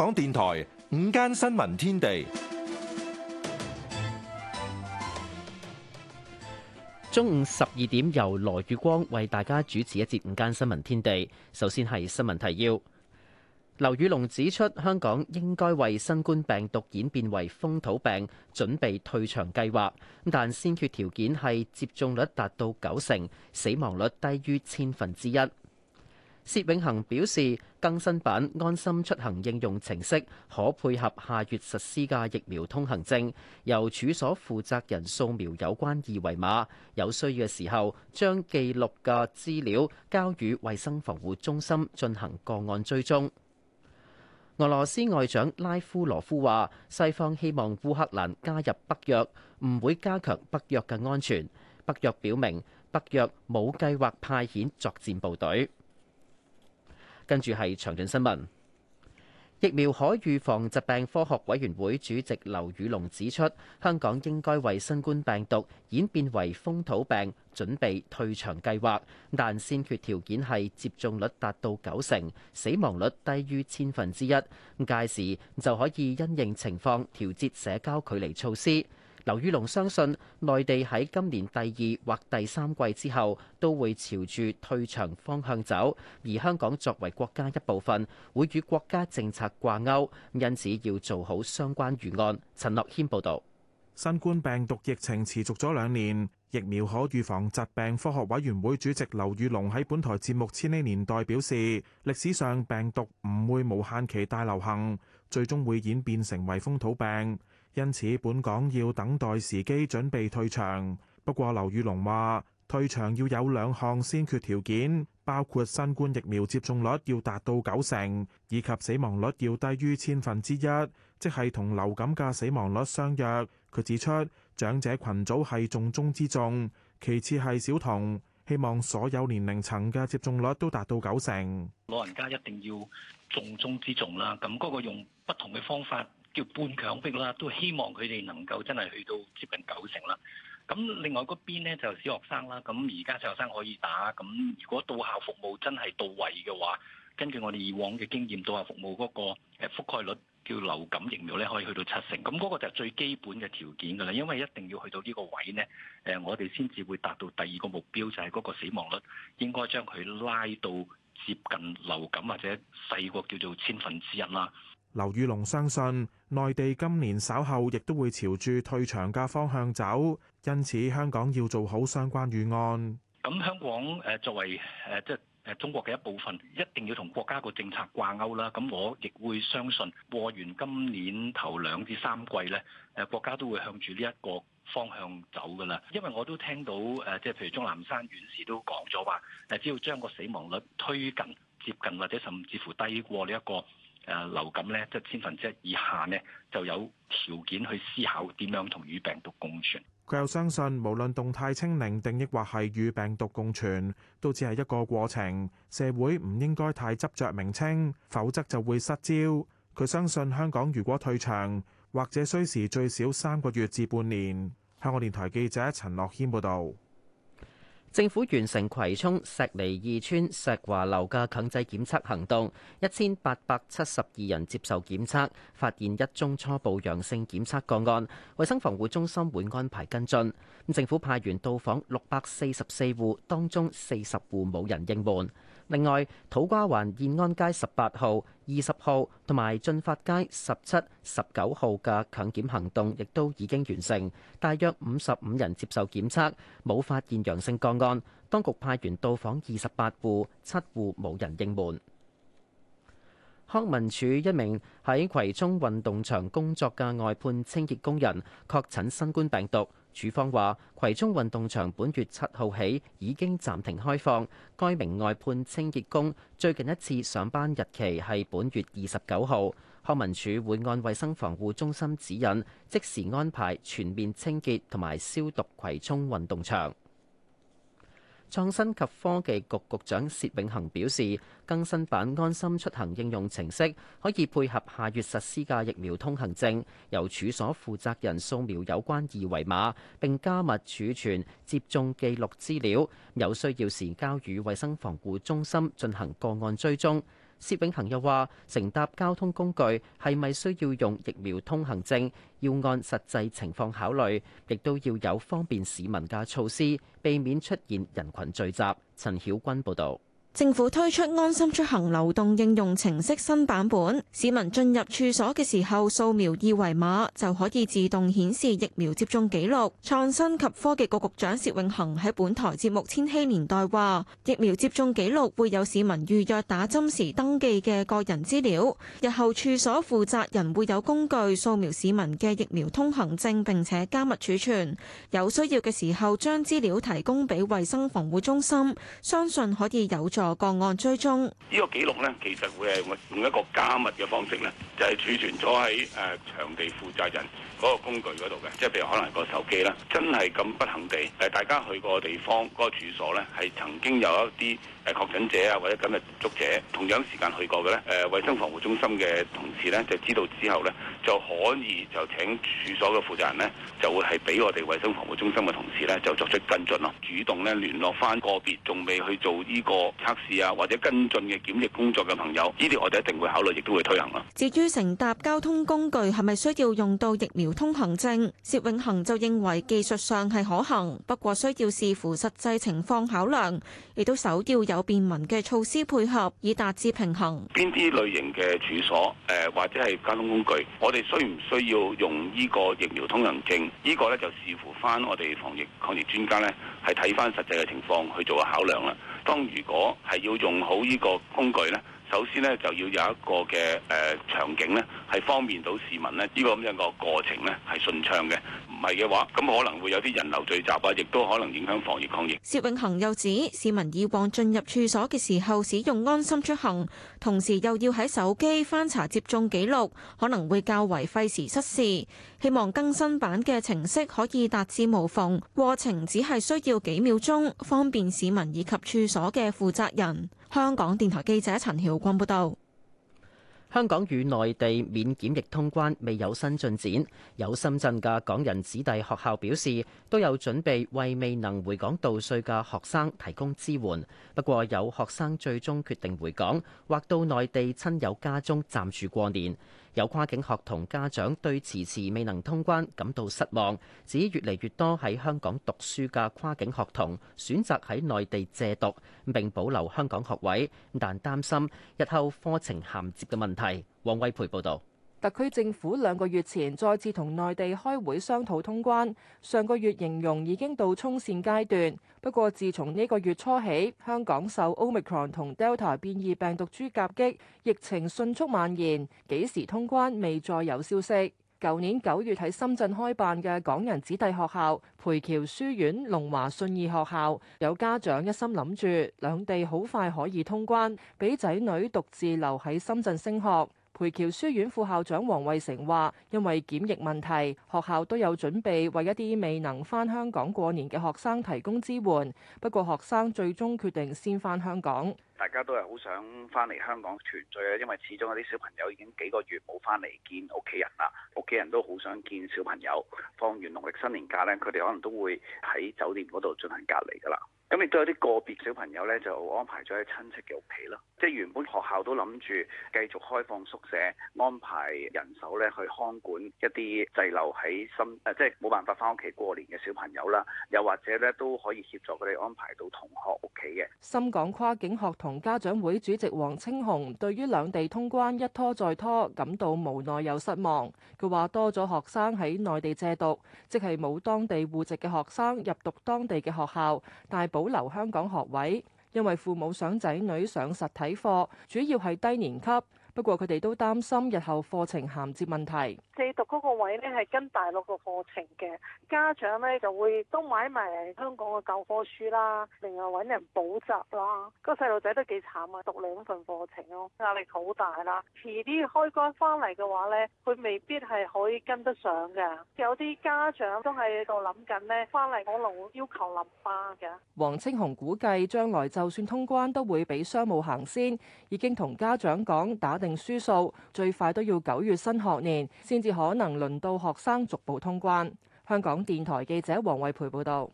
香港電台午間新聞天地，中午十二點由羅宇光為大家主持一節午間新聞天地。首先係新聞提要，劉宇龍指出，香港應該為新冠病毒演變為風土病準備退場計劃，但先決條件係接種率達到九成，死亡率低於千分之一。薛永恒表示，更新版安心出行應用程式可配合下月實施嘅疫苗通行證，由處所負責人掃描有關二維碼，有需要嘅時候將記錄嘅資料交予衛生防護中心進行個案追蹤。俄羅斯外長拉夫羅夫話，西方希望烏克蘭加入北約，唔會加強北約嘅安全。北約表明，北約冇計劃派遣作戰部隊。跟住係長短新聞。疫苗可預防疾病科學委員會主席劉宇龍指出，香港應該為新冠病毒演變為風土病準備退場計劃，但先決條件係接種率達到九成，死亡率低於千分之一。屆時就可以因應情況調節社交距離措施。劉宇龍相信，內地喺今年第二或第三季之後，都會朝住退場方向走，而香港作為國家一部分，會與國家政策掛鈎，因此要做好相關預案。陳樂謙報道：新冠病毒疫情持續咗兩年，疫苗可預防疾病科學委員會主席劉宇龍喺本台節目《千禧年代》表示，歷史上病毒唔會無限期大流行，最終會演變成為風土病。因此，本港要等待時機，準備退場。不過劉宇龍話退場要有兩項先決條件，包括新冠疫苗接種率要達到九成，以及死亡率要低於千分之一，即係同流感嘅死亡率相若。佢指出，長者群組係重中之重，其次係小童，希望所有年齡層嘅接種率都達到九成。老人家一定要重中之重啦。咁、那、嗰個用不同嘅方法。叫半強迫啦，都希望佢哋能夠真係去到接近九成啦。咁另外嗰邊呢就小學生啦，咁而家小學生可以打。咁如果到校服務真係到位嘅話，根據我哋以往嘅經驗，到校服務嗰個覆蓋率叫流感疫苗呢，可以去到七成。咁、那、嗰個就係最基本嘅條件㗎啦，因為一定要去到呢個位呢。誒我哋先至會達到第二個目標，就係、是、嗰個死亡率應該將佢拉到接近流感或者細個叫做千分之一啦。劉宇龍相信，內地今年稍後亦都會朝住退場嘅方向走，因此香港要做好相關預案。咁香港誒作為誒即係誒中國嘅一部分，一定要同國家個政策掛鈎啦。咁我亦會相信過完今年頭兩至三季咧，誒國家都會向住呢一個方向走噶啦。因為我都聽到誒即係譬如鍾南山院士都講咗話，誒只要將個死亡率推近接近或者甚至乎低過呢一個。誒流感呢，即千分之一以下呢，就有條件去思考點樣同與病毒共存。佢又相信，無論動態清零定抑或係與病毒共存，都只係一個過程。社會唔應該太執着名稱，否則就會失焦。佢相信香港如果退場，或者需時最少三個月至半年。香港電台記者陳樂軒報導。政府完成葵涌石梨二村石華樓嘅強制檢測行動，一千八百七十二人接受檢測，發現一宗初步陽性檢測個案，衛生防護中心會安排跟進。政府派員到訪六百四十四戶，當中四十戶冇人應門。另外，土瓜灣燕安街十八號、二十號同埋進發街十七、十九號嘅強檢行動亦都已經完成，大約五十五人接受檢測，冇發現陽性個案。當局派員到訪二十八戶，七戶冇人應門。康文署一名喺葵涌運動場工作嘅外判清潔工人確診新冠病毒。署方話，葵涌運動場本月七號起已經暫停開放。該名外判清潔工最近一次上班日期係本月二十九號。康文署會按衛生防護中心指引，即時安排全面清潔同埋消毒葵涌運動場。創新及科技局局長薛永恆表示，更新版安心出行應用程式可以配合下月實施嘅疫苗通行證，由處所負責人掃描有關二維碼，並加密儲存接種記錄資料，有需要時交予衛生防護中心進行個案追蹤。薛永恒又話：乘搭交通工具係咪需要用疫苗通行證？要按實際情況考慮，亦都要有方便市民嘅措施，避免出現人群聚集。陳曉君報導。政府推出安心出行流動應用程式新版本，市民進入處所嘅時候掃描二維碼就可以自動顯示疫苗接種記錄。創新及科技局局長薛永恒喺本台節目《千禧年代》話，疫苗接種記錄會有市民預約打針時登記嘅個人資料，日後處所負責人會有工具掃描市民嘅疫苗通行證，並且加密儲存，有需要嘅時候將資料提供俾衛生防護中心，相信可以有助。做個案追蹤，呢個記錄咧，其實會係用一個加密嘅方式咧，就係儲存咗喺誒場地負責人嗰個工具嗰度嘅，即係譬如可能個手機啦，真係咁不幸地，誒大家去過地方個住所咧，係曾經有一啲誒確診者啊，或者緊密接觸者同樣時間去過嘅咧，誒衛生防護中心嘅同事咧就知道之後咧，就可以就請處所嘅負責人咧，就會係俾我哋衛生防護中心嘅同事咧就作出跟進咯，主動咧聯絡翻個別仲未去做呢個測試啊或者跟進嘅檢疫工作嘅朋友，呢啲我哋一定會考慮亦都會推行咯。至於乘搭交通工具係咪需要用到疫苗？通行證，薛永恒就認為技術上係可行，不過需要視乎實際情況考量，亦都首要有便民嘅措施配合，以達至平衡。邊啲類型嘅處所，誒、呃、或者係交通工具，我哋需唔需要用呢個疫苗通行證？呢、呢個咧就視乎翻我哋防疫抗疫專家咧，係睇翻實際嘅情況去做個考量啦。當如果係要用好呢個工具咧？首先呢，就要有一個嘅誒場景咧，係方便到市民呢，呢個咁樣個過程咧係順暢嘅。唔係嘅話，咁可能會有啲人流聚集啊，亦都可能影響防疫抗疫。薛永恒又指，市民以往進入處所嘅時候使用安心出行，同時又要喺手機翻查接種記錄，可能會較為費時失事。希望更新版嘅程式可以達至無縫過程，只係需要幾秒鐘，方便市民以及處所嘅負責人。香港電台記者陳曉君報道：香港與內地免檢疫通關未有新進展，有深圳嘅港人子弟學校表示，都有準備為未能回港度歲嘅學生提供支援。不過，有學生最終決定回港，或到內地親友家中暫住過年。有跨境學童家長對遲遲未能通關感到失望，指越嚟越多喺香港讀書嘅跨境學童選擇喺內地借讀並保留香港學位，但擔心日後課程銜接嘅問題。王惠培報導。特區政府兩個月前再次同內地開會商討通關，上個月形容已經到沖線階段。不過，自從呢個月初起，香港受 Omicron 同 Delta 變異病毒株夾擊，疫情迅速蔓延，幾時通關未再有消息。舊年九月喺深圳開辦嘅港人子弟學校培僑書院、龍華信義學校，有家長一心諗住兩地好快可以通關，俾仔女獨自留喺深圳升學。培僑書院副校長王衛成話，因為檢疫問題，學校都有準備為一啲未能返香港過年嘅學生提供支援。不過學生最終決定先返香港，大家都係好想翻嚟香港團聚啊！因為始終有啲小朋友已經幾個月冇翻嚟見屋企人啦，屋企人都好想見小朋友。放完農曆新年假呢，佢哋可能都會喺酒店嗰度進行隔離噶啦。咁亦都有啲個別小朋友咧，就安排咗喺親戚嘅屋企咯。即係原本學校都諗住繼續開放宿舍，安排人手咧去看管一啲滯留喺深，誒即係冇辦法翻屋企過年嘅小朋友啦。又或者咧都可以協助佢哋安排到同學屋企嘅。深港跨境學童家長會主席黃青雄對於兩地通關一拖再拖，感到無奈又失望。佢話：多咗學生喺內地借讀，即係冇當地戶籍嘅學生入讀當地嘅學校，大部。保留香港學位，因為父母想仔女上實體課，主要係低年級。不過佢哋都擔心日後課程銜接問題。借讀嗰個位呢，係跟大陸個課程嘅，家長呢，就會都買埋香港嘅教科書啦，另外搵人補習啦。個細路仔都幾慘啊，讀兩份課程咯，壓力好大啦。遲啲開關翻嚟嘅話呢，佢未必係可以跟得上嘅。有啲家長都喺度諗緊呢，翻嚟可能會要求冧班嘅。黃青紅估計將來就算通關都會畀商務行先，已經同家長講打定輸數，最快都要九月新學年先至可能輪到學生逐步通關。香港電台記者黃惠培報道。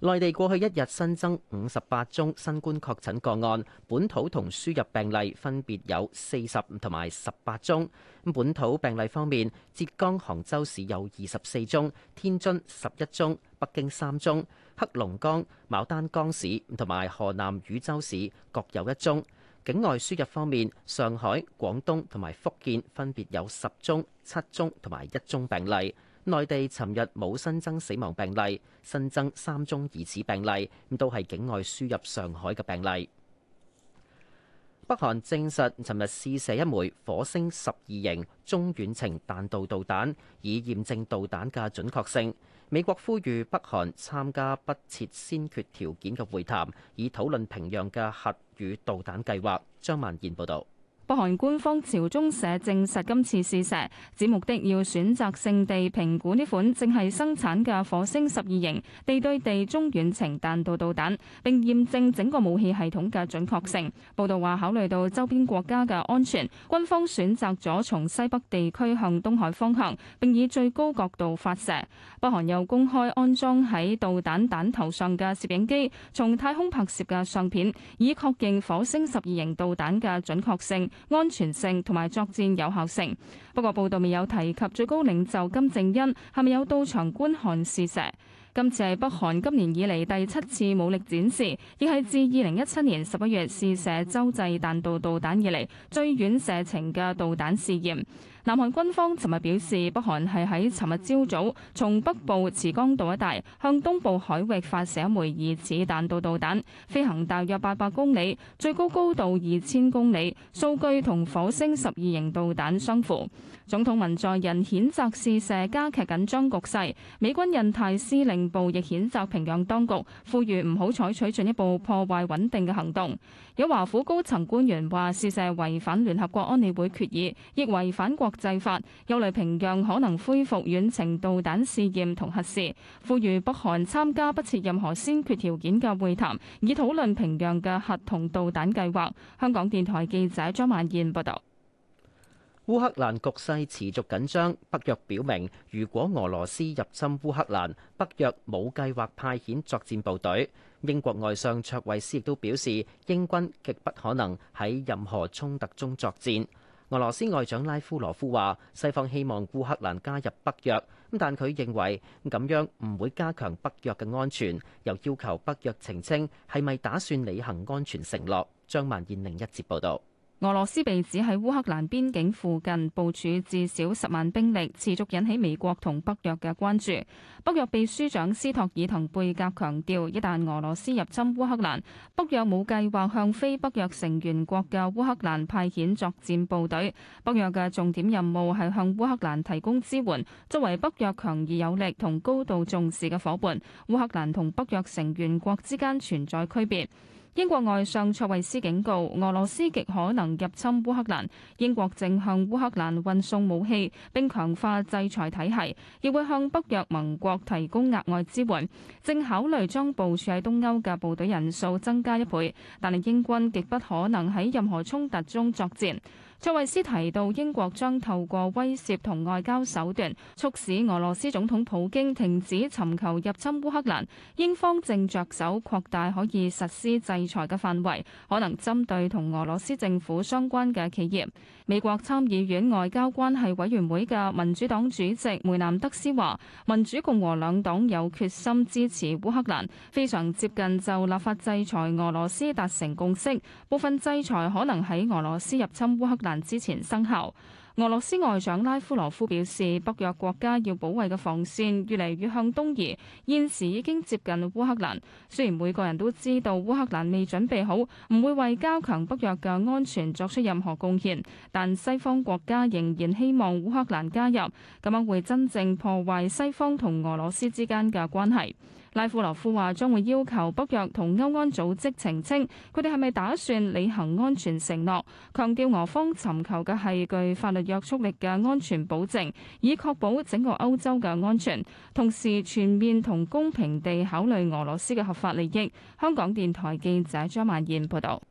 內地過去一日新增五十八宗新冠確診個案，本土同輸入病例分別有四十五同埋十八宗。本土病例方面，浙江杭州市有二十四宗，天津十一宗，北京三宗，黑龍江牡丹江市同埋河南汝州市各有一宗。境外輸入方面，上海、廣東同埋福建分別有十宗、七宗同埋一宗病例。內地尋日冇新增死亡病例，新增三宗疑似病例，咁都係境外輸入上海嘅病例。北韓證實尋日試射一枚火星十二型中遠程彈道導彈，以驗證導彈嘅準確性。美國呼籲北韓參加不設先決條件嘅會談，以討論平壤嘅核與導彈計劃。張萬燕報導。北韓官方朝中社證實今次試射，指目的要選擇性地評估呢款正係生產嘅火星十二型地對地中遠程彈道導彈，並驗證整個武器系統嘅準確性。報道話考慮到周邊國家嘅安全，軍方選擇咗從西北地區向東海方向，並以最高角度發射。北韓又公開安裝喺導彈彈頭上嘅攝影機，從太空拍攝嘅相片，以確認火星十二型導彈嘅準確性、安全性同埋作戰有效性。不過，報道未有提及最高領袖金正恩係咪有到場觀看試射。今次係北韓今年以嚟第七次武力展示，亦係自二零一七年十一月試射洲際彈道導彈以嚟最遠射程嘅導彈試驗。南韓軍方尋日表示，北韓係喺尋日朝早從北部慈江道一帶向東部海域發射一枚疑似彈道導彈，飛行大約八百公里，最高高度二千公里，數據同火星十二型導彈相符。總統文在寅譴責試射加劇緊張局勢，美軍印太司令部亦譴責平壤當局，呼籲唔好採取進一步破壞穩定嘅行動。有華府高層官員話，試射違反聯合國安理會決議，亦違反國制法又嚟平壤可能恢復遠程導彈試驗同核試，呼籲北韓參加不設任何先決條件嘅會談，以討論平壤嘅核同導彈計劃。香港電台記者張萬燕報導。烏克蘭局勢持續緊張，北約表明如果俄羅斯入侵烏克蘭，北約冇計劃派遣作戰部隊。英國外相卓惠斯亦都表示，英軍極不可能喺任何衝突中作戰。俄羅斯外長拉夫羅夫話：西方希望烏克蘭加入北約，但佢認為咁樣唔會加強北約嘅安全，又要求北約澄清係咪打算履行安全承諾。張萬燕另一節報道。俄羅斯被指喺烏克蘭邊境附近部署至少十萬兵力，持續引起美國同北約嘅關注。北約秘書長斯托爾滕貝格強調，一旦俄羅斯入侵烏克蘭，北約冇計劃向非北約成員國嘅烏克蘭派遣作戰部隊。北約嘅重點任務係向烏克蘭提供支援，作為北約強而有力同高度重視嘅伙伴，烏克蘭同北約成員國之間存在區別。英國外相卓慧思警告，俄羅斯極可能入侵烏克蘭。英國正向烏克蘭運送武器，並強化制裁體系，亦會向北約盟國提供額外支援。正考慮將部署喺東歐嘅部隊人數增加一倍，但係英軍極不可能喺任何衝突中作戰。卓慧思提到，英國將透過威懾同外交手段，促使俄羅斯總統普京停止尋求入侵烏克蘭。英方正着手擴大可以實施制裁嘅範圍，可能針對同俄羅斯政府相關嘅企業。美國參議院外交關係委員會嘅民主黨主席梅南德斯話：民主共和兩黨有決心支持烏克蘭，非常接近就立法制裁俄羅斯達成共識。部分制裁可能喺俄羅斯入侵烏克蘭之前生效。俄羅斯外長拉夫羅夫表示，北約國家要保衛嘅防線越嚟越向東移，現時已經接近烏克蘭，雖然每個人都知道烏克蘭未準備好，唔會為加強北約嘅安全作出任何貢獻，但西方國家仍然希望烏克蘭加入，咁樣會真正破壞西方同俄羅斯之間嘅關係。拉夫羅夫話將會要求北約同歐安組織澄清，佢哋係咪打算履行安全承諾，強調俄方尋求嘅係具法律約束力嘅安全保證，以確保整個歐洲嘅安全，同時全面同公平地考慮俄羅斯嘅合法利益。香港電台記者張曼燕報道。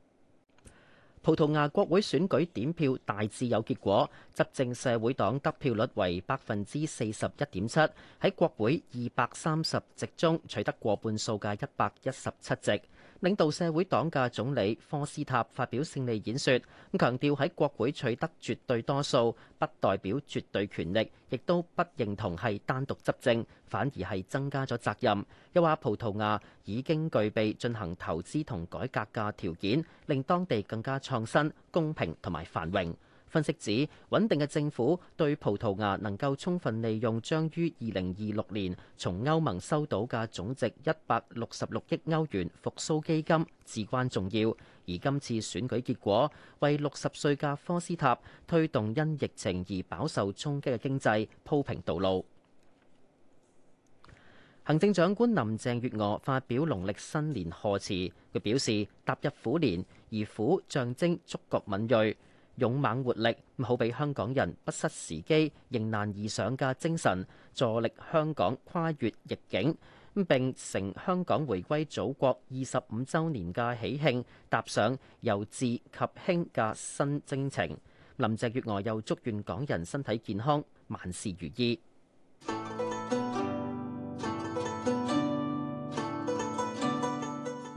葡萄牙國會選舉點票大致有結果，執政社會黨得票率為百分之四十一點七，喺國會二百三十席中取得過半數嘅一百一十七席。領導社會黨嘅總理科斯塔發表勝利演說，咁強調喺國會取得絕對多數，不代表絕對權力，亦都不認同係單獨執政，反而係增加咗責任。又話葡萄牙已經具備進行投資同改革嘅條件，令當地更加創新、公平同埋繁榮。分析指，穩定嘅政府對葡萄牙能夠充分利用將於二零二六年從歐盟收到嘅總值一百六十六億歐元復甦基金至關重要。而今次選舉結果，為六十歲嘅科斯塔推動因疫情而飽受衝擊嘅經濟鋪平道路。行政長官林鄭月娥發表農曆新年賀詞，佢表示踏入虎年，而虎象徵觸覺敏銳。勇猛活力好比香港人不失時機、迎難而上嘅精神，助力香港跨越逆境，咁並乘香港回歸祖國二十五週年嘅喜慶，踏上由治及興嘅新征程。林鄭月娥又祝願港人身體健康，萬事如意。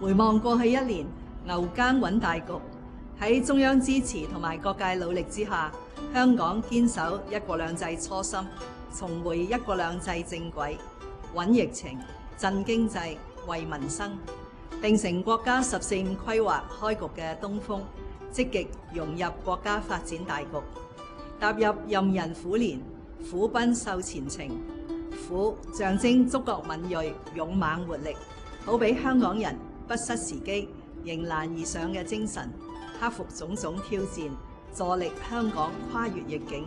回望過去一年，牛耕揾大局。喺中央支持同埋各界努力之下，香港堅守一國兩制初心，重回一國兩制正軌，穩疫情、振經濟、惠民生，定成國家十四五規劃開局嘅東風，積極融入國家發展大局，踏入壬寅虎年，虎奔秀前程，虎象徵觸角敏銳、勇猛活力，好比香港人不失時機、迎難而上嘅精神。克服種種挑戰，助力香港跨越逆境，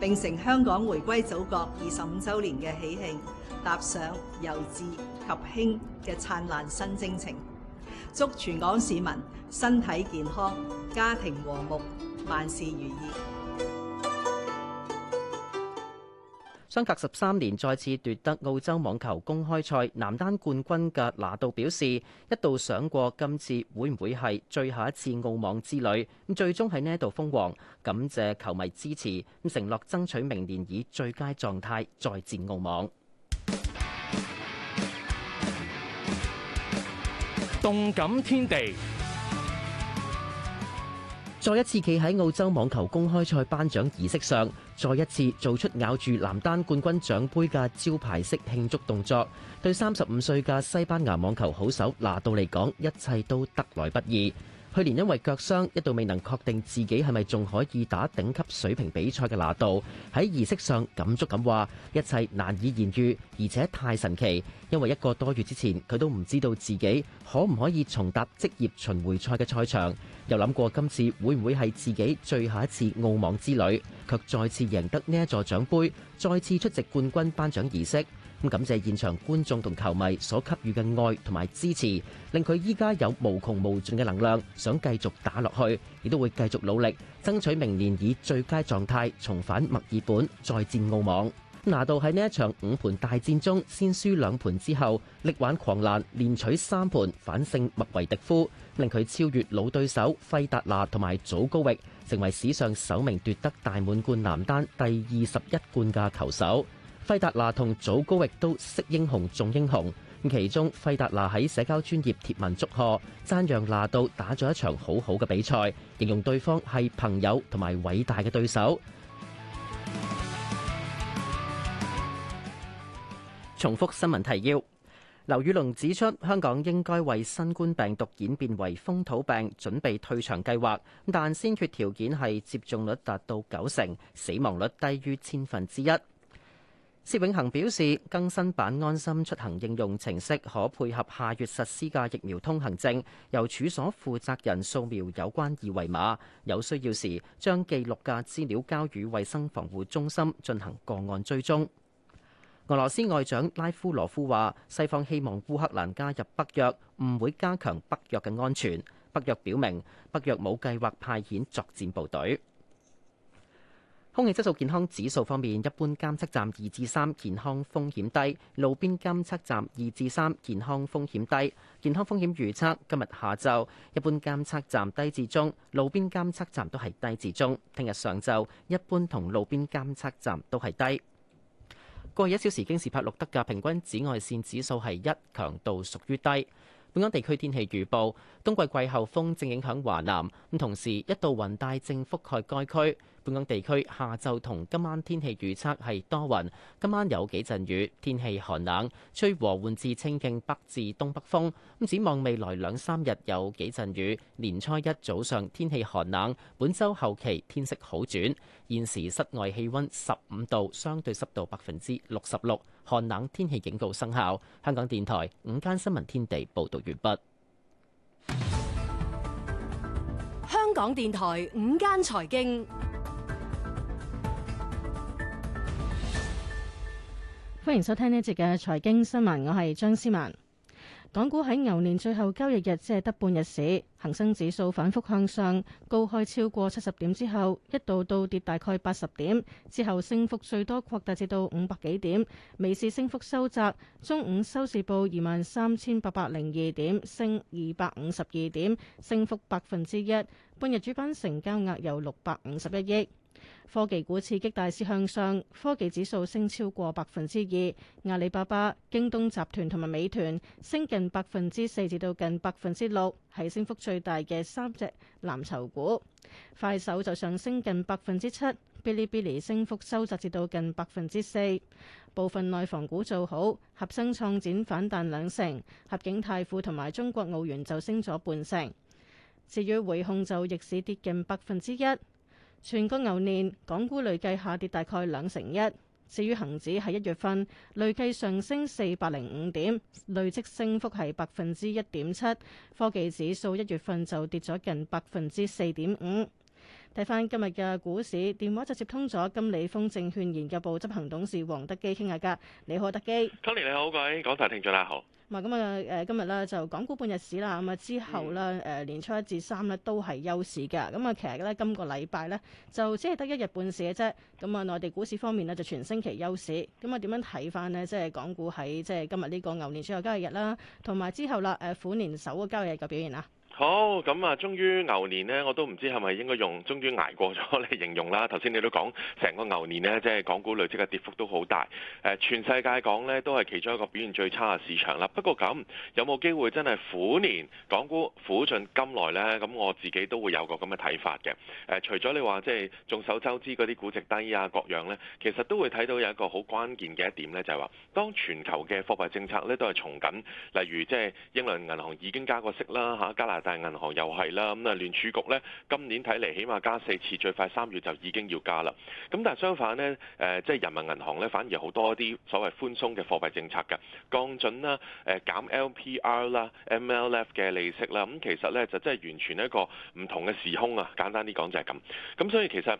並成香港回歸祖國二十五周年嘅喜慶，踏上由治及興嘅燦爛新征程。祝全港市民身體健康、家庭和睦、萬事如意！相隔十三年再次奪得澳洲網球公開賽男單冠軍嘅拿度表示，一度想過今次會唔會係最後一次澳網之旅，咁最終喺呢一度封王感謝球迷支持，承諾爭取明年以最佳狀態再戰澳網。動感天地，再一次企喺澳洲網球公開賽頒獎儀式上。再一次做出咬住男單冠軍獎杯嘅招牌式慶祝動作，對三十五歲嘅西班牙網球好手拿度嚟講，一切都得來不易。去年因為腳傷一度未能確定自己係咪仲可以打頂級水平比賽嘅拿度，喺儀式上感觸咁話：一切難以言喻，而且太神奇。因為一個多月之前佢都唔知道自己可唔可以重踏職業巡迴賽嘅賽場，又諗過今次會唔會係自己最後一次澳網之旅，卻再次贏得呢一座獎杯，再次出席冠軍頒獎儀式。感謝現場觀眾同球迷所給予嘅愛同埋支持，令佢依家有無窮無盡嘅能量，想繼續打落去，亦都會繼續努力，爭取明年以最佳狀態重返墨爾本再戰澳網。拿度喺呢一場五盤大戰中先輸兩盤之後，力挽狂瀾，連取三盤反勝麥維迪夫，令佢超越老對手費達拿同埋祖高域，成為史上首名奪得大滿貫男單第二十一冠嘅球手。費達拿同祖高亦都識英雄，重英雄。其中，費達拿喺社交專業貼文祝賀，讚揚拿到打咗一場好好嘅比賽，形容對方係朋友同埋偉大嘅對手。重複新聞提要：劉宇龍指出，香港應該為新冠病毒演變為封土病準備退場計劃，但先決條件係接種率達到九成，死亡率低於千分之一。薛永恒表示，更新版安心出行應用程式可配合下月實施嘅疫苗通行證，由處所負責人掃描有關二維碼，有需要時將記錄嘅資料交予衛生防護中心進行個案追蹤。俄羅斯外長拉夫羅夫話：西方希望烏克蘭加入北約，唔會加強北約嘅安全。北約表明，北約冇計劃派遣作戰部隊。空氣質素健康指數方面，一般監測站二至三，健康風險低；路邊監測站二至三，健康風險低。健康風險預測今日下晝一般監測站低至中，路邊監測站都係低至中。聽日上晝一般同路邊監測站都係低。過去一小時京士柏錄得嘅平均紫外線指數係一，強度屬於低。本港地區天氣預報，冬季季候風正影響華南，咁同時一道雲帶正覆蓋該區。本港地區下晝同今晚天氣預測係多雲，今晚有幾陣雨，天氣寒冷，吹和緩至清勁北至東北風。咁展望未來兩三日有幾陣雨，年初一早上天氣寒冷。本周後期天色好轉。現時室外氣溫十五度，相對濕度百分之六十六，寒冷天氣警告生效。香港電台午間新聞天地報道完畢。香港電台午間財經。歡迎收聽呢一節嘅財經新聞，我係張思曼。港股喺牛年最後交易日，只係得半日市，恒生指數反覆向上，高開超過七十點之後，一度倒跌大概八十點，之後升幅最多擴大至到五百幾點，尾市升幅收窄，中午收市報二萬三千八百零二點，升二百五十二點，升幅百分之一，半日主板成交額有六百五十一億。科技股刺激大市向上，科技指數升超過百分之二。阿里巴巴、京東集團同埋美團升近百分之四，至到近百分之六，係升幅最大嘅三隻藍籌股。快手就上升近百分之七，Bilibili 升幅收窄至到近百分之四。部分內房股做好，合生創展反彈兩成，合景泰富同埋中國奧園就升咗半成。至於匯控就逆市跌近百分之一。全個牛年港股累計下跌大概兩成一，至於恒指喺一月份累計上升四百零五點，累積升幅係百分之一點七。科技指數一月份就跌咗近百分之四點五。睇翻今日嘅股市，電話就接通咗金利豐證券研究部執行董事黃德基傾下㗎。你好，德基。Tony 你好，各位廣大聽眾，你好。咁啊，今日咧就港股半日市啦，咁啊之後咧誒年初一至三咧都係休市嘅。咁啊，其實咧今個禮拜咧就只係得一日半市嘅啫。咁啊，內地股市方面呢就全星期休市。咁啊，點樣睇翻呢？即係港股喺即係今日呢個牛年最後交易日啦，同埋之後啦誒虎年首個交易日嘅表現啊？好，咁啊，終於牛年呢，我都唔知係咪應該用終於捱過咗嚟形容啦。頭先你都講成個牛年呢，即係港股累積嘅跌幅都好大。誒，全世界講呢都係其中一個表現最差嘅市場啦。不過咁有冇機會真係虎年，港股苦盡甘來呢，咁我自己都會有個咁嘅睇法嘅。誒，除咗你話即係眾所周知嗰啲估值低啊各樣呢，其實都會睇到有一個好關鍵嘅一點呢，就係話當全球嘅貨幣政策呢都係從緊，例如即係英倫銀行已經加過息啦嚇，加拿但銀行又係啦，咁啊聯儲局咧今年睇嚟起碼加四次，最快三月就已經要加啦。咁但係相反呢，誒、呃、即係人民銀行咧反而好多啲所謂寬鬆嘅貨幣政策嘅降準啦、誒、呃、減 LPR 啦、MLF 嘅利息啦。咁、啊、其實咧就真係完全一個唔同嘅時空啊！簡單啲講就係咁。咁所以其實。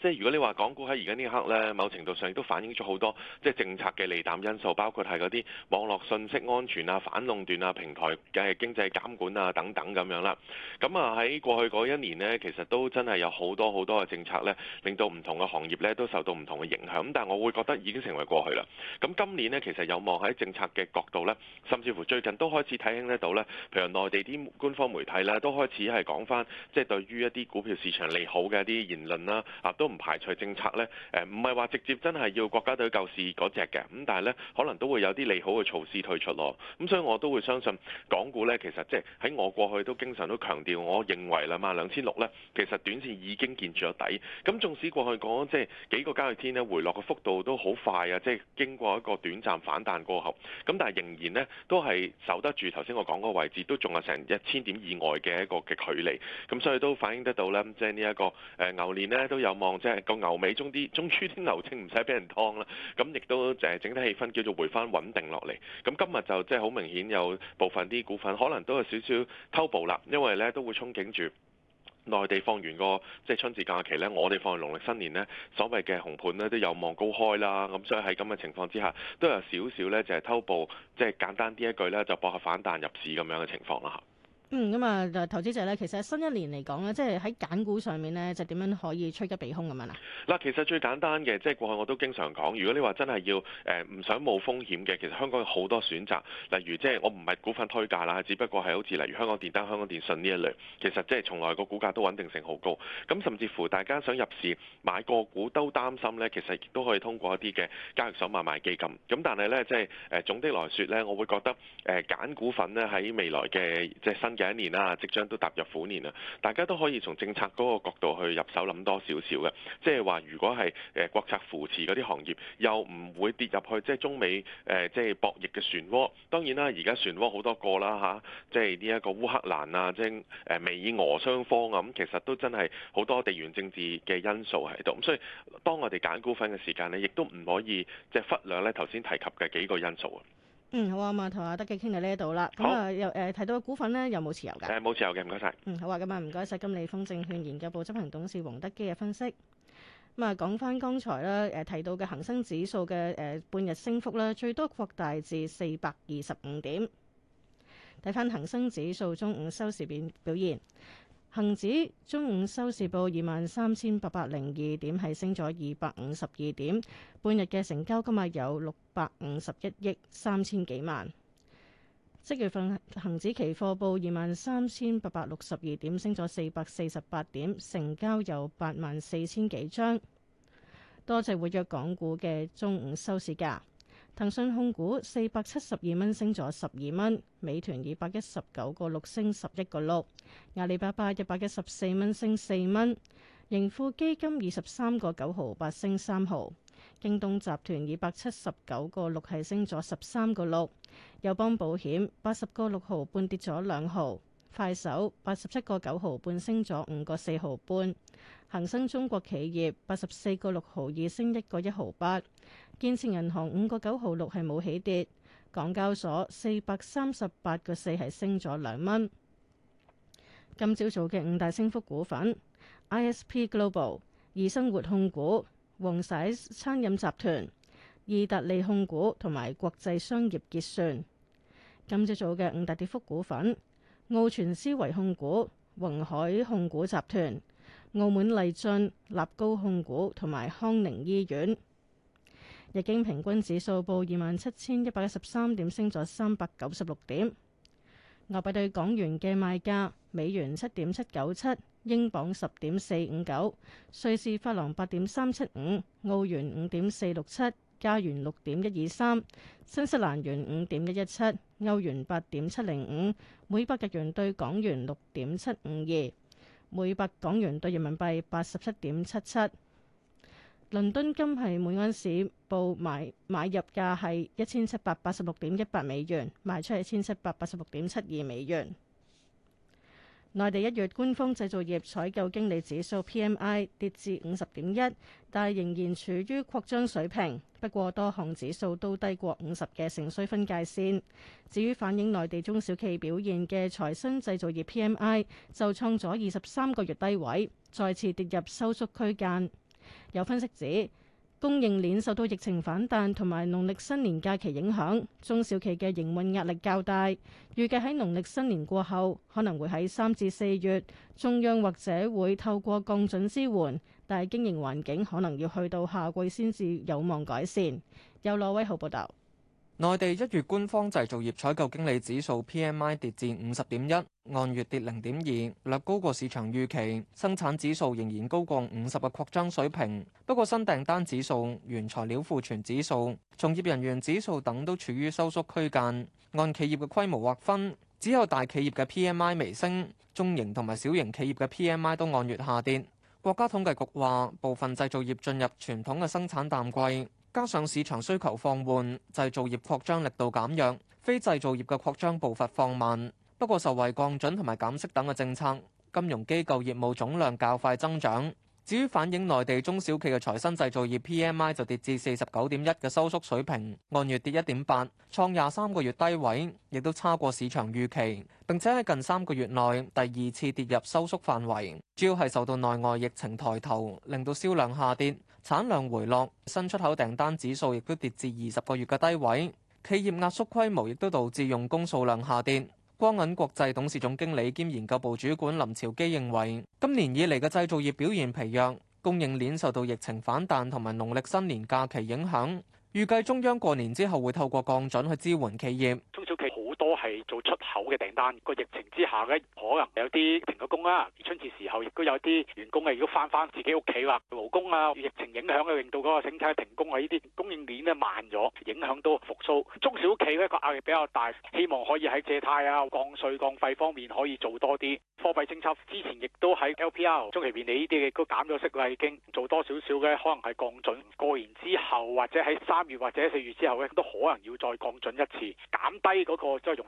即係如果你話港股喺而家呢一刻呢某程度上亦都反映咗好多即係政策嘅利淡因素，包括係嗰啲網絡信息安全啊、反壟斷啊、平台嘅經濟監管啊等等咁樣啦。咁啊喺過去嗰一年呢，其實都真係有好多好多嘅政策呢，令到唔同嘅行業呢都受到唔同嘅影響。咁但係我會覺得已經成為過去啦。咁今年呢，其實有望喺政策嘅角度呢，甚至乎最近都開始睇輕得到呢。譬如內地啲官方媒體呢，都開始係講翻，即係對於一啲股票市場利好嘅一啲言論啦、啊，啊都。排除政策呢，誒唔係話直接真係要國家隊救市嗰隻嘅，咁但係呢，可能都會有啲利好嘅措施推出咯。咁所以我都會相信港股呢，其實即係喺我過去都經常都強調我認為啦嘛，兩千六呢，其實短線已經見住咗底。咁縱使過去講即係幾個交易天呢回落嘅幅度都好快啊，即係經過一個短暫反彈過後，咁但係仍然呢都係守得住頭先我講嗰個位置，都仲係成一千點以外嘅一個嘅距離，咁所以都反映得到咧，即係呢一個誒牛年呢都有望。即係個牛尾中啲中珠啲牛證唔使俾人劏啦，咁亦都誒整體氣氛叫做回翻穩定落嚟。咁今日就即係好明顯有部分啲股份可能都有少少偷步啦，因為咧都會憧憬住內地放完個即係春節假期咧，我哋放喺農曆新年咧，所謂嘅紅盤咧都有望高開啦。咁所以喺咁嘅情況之下，都有少少咧就係偷步，即係簡單啲一句咧就博下反彈入市咁樣嘅情況啦嚇。嗯，咁、嗯、啊，投資者咧，其實新一年嚟講咧，即係喺揀股上面咧，就點樣可以吹吉鼻空咁樣啊？嗱，其實最簡單嘅，即係過去我都經常講，如果你話真係要誒唔、呃、想冒風險嘅，其實香港有好多選擇，例如即係我唔係股份推介啦，只不過係好似例如香港電燈、香港電訊呢一類，其實即係從來個股價都穩定性好高。咁甚至乎大家想入市買個股都擔心咧，其實亦都可以通過一啲嘅交易所買賣基金。咁但係咧，即係誒總的來說咧，我會覺得誒揀、呃、股份咧喺未來嘅即係新。幾年啦，即將都踏入虎年啦。大家都可以從政策嗰個角度去入手，諗多少少嘅，即係話如果係誒國策扶持嗰啲行業，又唔會跌入去即係中美誒即係博弈嘅漩渦。當然啦，而家漩渦好多個啦吓、啊，即係呢一個烏克蘭啊，即係誒美俄雙方啊，咁其實都真係好多地緣政治嘅因素喺度。咁所以當我哋揀股份嘅時間咧，亦都唔可以即係忽略咧頭先提及嘅幾個因素啊。嗯，好啊，嘛，同阿德基傾到呢度啦。咁啊好，又誒、呃、提到個股份呢，有冇持有噶？誒，冇持有嘅，唔該晒。嗯，好啊，咁、呃、啊，唔該晒。金利豐證券研究部執行董事黃德基嘅分析。咁啊，講翻剛才啦，誒提到嘅恒生指數嘅誒半日升幅咧，最多擴大至四百二十五點。睇翻恒生指數中午收市表表現。恒指中午收市報二萬三千八百零二點，係升咗二百五十二點。半日嘅成交今日有六百五十一億三千幾萬。即月份恒指期貨報二萬三千八百六十二點，升咗四百四十八點，成交有八萬四千幾張。多謝活躍港股嘅中午收市價。騰訊控股四百七十二蚊，升咗十二蚊；美團二百一十九個六，升十一個六；阿里巴巴一百一十四蚊，升四蚊；盈富基金二十三個九毫八，升三毫；京東集團二百七十九個六，係升咗十三個六；友邦保險八十個六毫半，跌咗兩毫；快手八十七個九毫半，升咗五個四毫半；恒生中國企業八十四個六毫二，升一個一毫八。建設銀行五個九號六係冇起跌，港交所四百三十八個四係升咗兩蚊。今朝早嘅五大升幅股份：I S P Global、易生活控股、黃璽餐飲集團、意大利控股同埋國際商業結算。今朝早嘅五大跌幅股份：澳全思維控股、宏海控股集團、澳門麗俊、立高控股同埋康寧醫院。日經平均指數報二萬七千一百一十三點，升咗三百九十六點。外幣對港元嘅賣價：美元七點七九七，英鎊十點四五九，瑞士法郎八點三七五，澳元五點四六七，加元六點一二三，新西蘭元五點一一七，歐元八點七零五，每百日元對港元六點七五二，每百港元對人民幣八十七點七七。倫敦金係每安士報買買入價係一千七百八十六點一八美元，賣出係一千七百八十六點七二美元。內地一月官方製造業採購經理指數 P M I 跌至五十點一，但仍然處於擴張水平。不過多項指數都低過五十嘅盛衰分界線。至於反映內地中小企表現嘅財新製造業 P M I 就創咗二十三個月低位，再次跌入收縮區間。有分析指，供應鏈受到疫情反彈同埋農曆新年假期影響，中小企嘅營運壓力較大。預計喺農曆新年過後，可能會喺三至四月，中央或者會透過降準支援，但係經營環境可能要去到夏季先至有望改善。有羅威豪報道。內地一月官方製造業採購經理指數 PMI 跌至五十點一，按月跌零點二，略高過市場預期。生產指數仍然高過五十嘅擴張水平，不過新訂單指數、原材料庫存指數、從業人員指數等都處於收縮區間。按企業嘅規模劃分，只有大企業嘅 PMI 微升，中型同埋小型企業嘅 PMI 都按月下跌。國家統計局話，部分製造業進入傳統嘅生產淡季。加上市場需求放緩製造業擴張力度減弱，非製造業嘅擴張步伐放慢。不過受惠降準同埋減息等嘅政策，金融機構業務總量較快增長。至於反映內地中小企嘅財新製造業 PMI 就跌至四十九點一嘅收縮水平，按月跌一點八，創廿三個月低位，亦都差過市場預期。並且喺近三個月內第二次跌入收縮範圍，主要係受到內外疫情抬頭令到銷量下跌。產量回落，新出口訂單指數亦都跌至二十個月嘅低位，企業壓縮規模亦都導致用工數量下跌。光銀國際董事總經理兼研究部主管林朝基認為，今年以來嘅製造業表現疲弱，供應鏈受到疫情反彈同埋農曆新年假期影響，預計中央過年之後會透過降準去支援企業。係做出口嘅訂單，個疫情之下咧，可能有啲停咗工啦。春節時候亦都有啲員工啊，如果翻翻自己屋企啦，勞工啊，疫情影響嘅，令到嗰個整體停工啊，依啲供應鏈咧慢咗，影響到復甦。中小企咧個壓力比較大，希望可以喺借貸啊、降稅降費方面可以做多啲貨幣政策。之前亦都喺 LPR 中期便利依啲亦都減咗息啦，已經做多少少嘅，可能係降準。過年之後或者喺三月或者四月之後咧，都可能要再降準一次，減低嗰個即係用。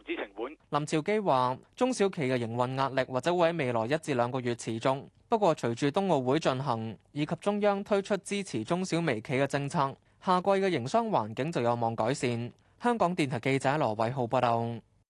林朝基話：中小企嘅營運壓力或者會喺未來一至兩個月持續，不過隨住冬奧會進行以及中央推出支持中小微企嘅政策，夏季嘅營商環境就有望改善。香港電台記者羅偉浩報道。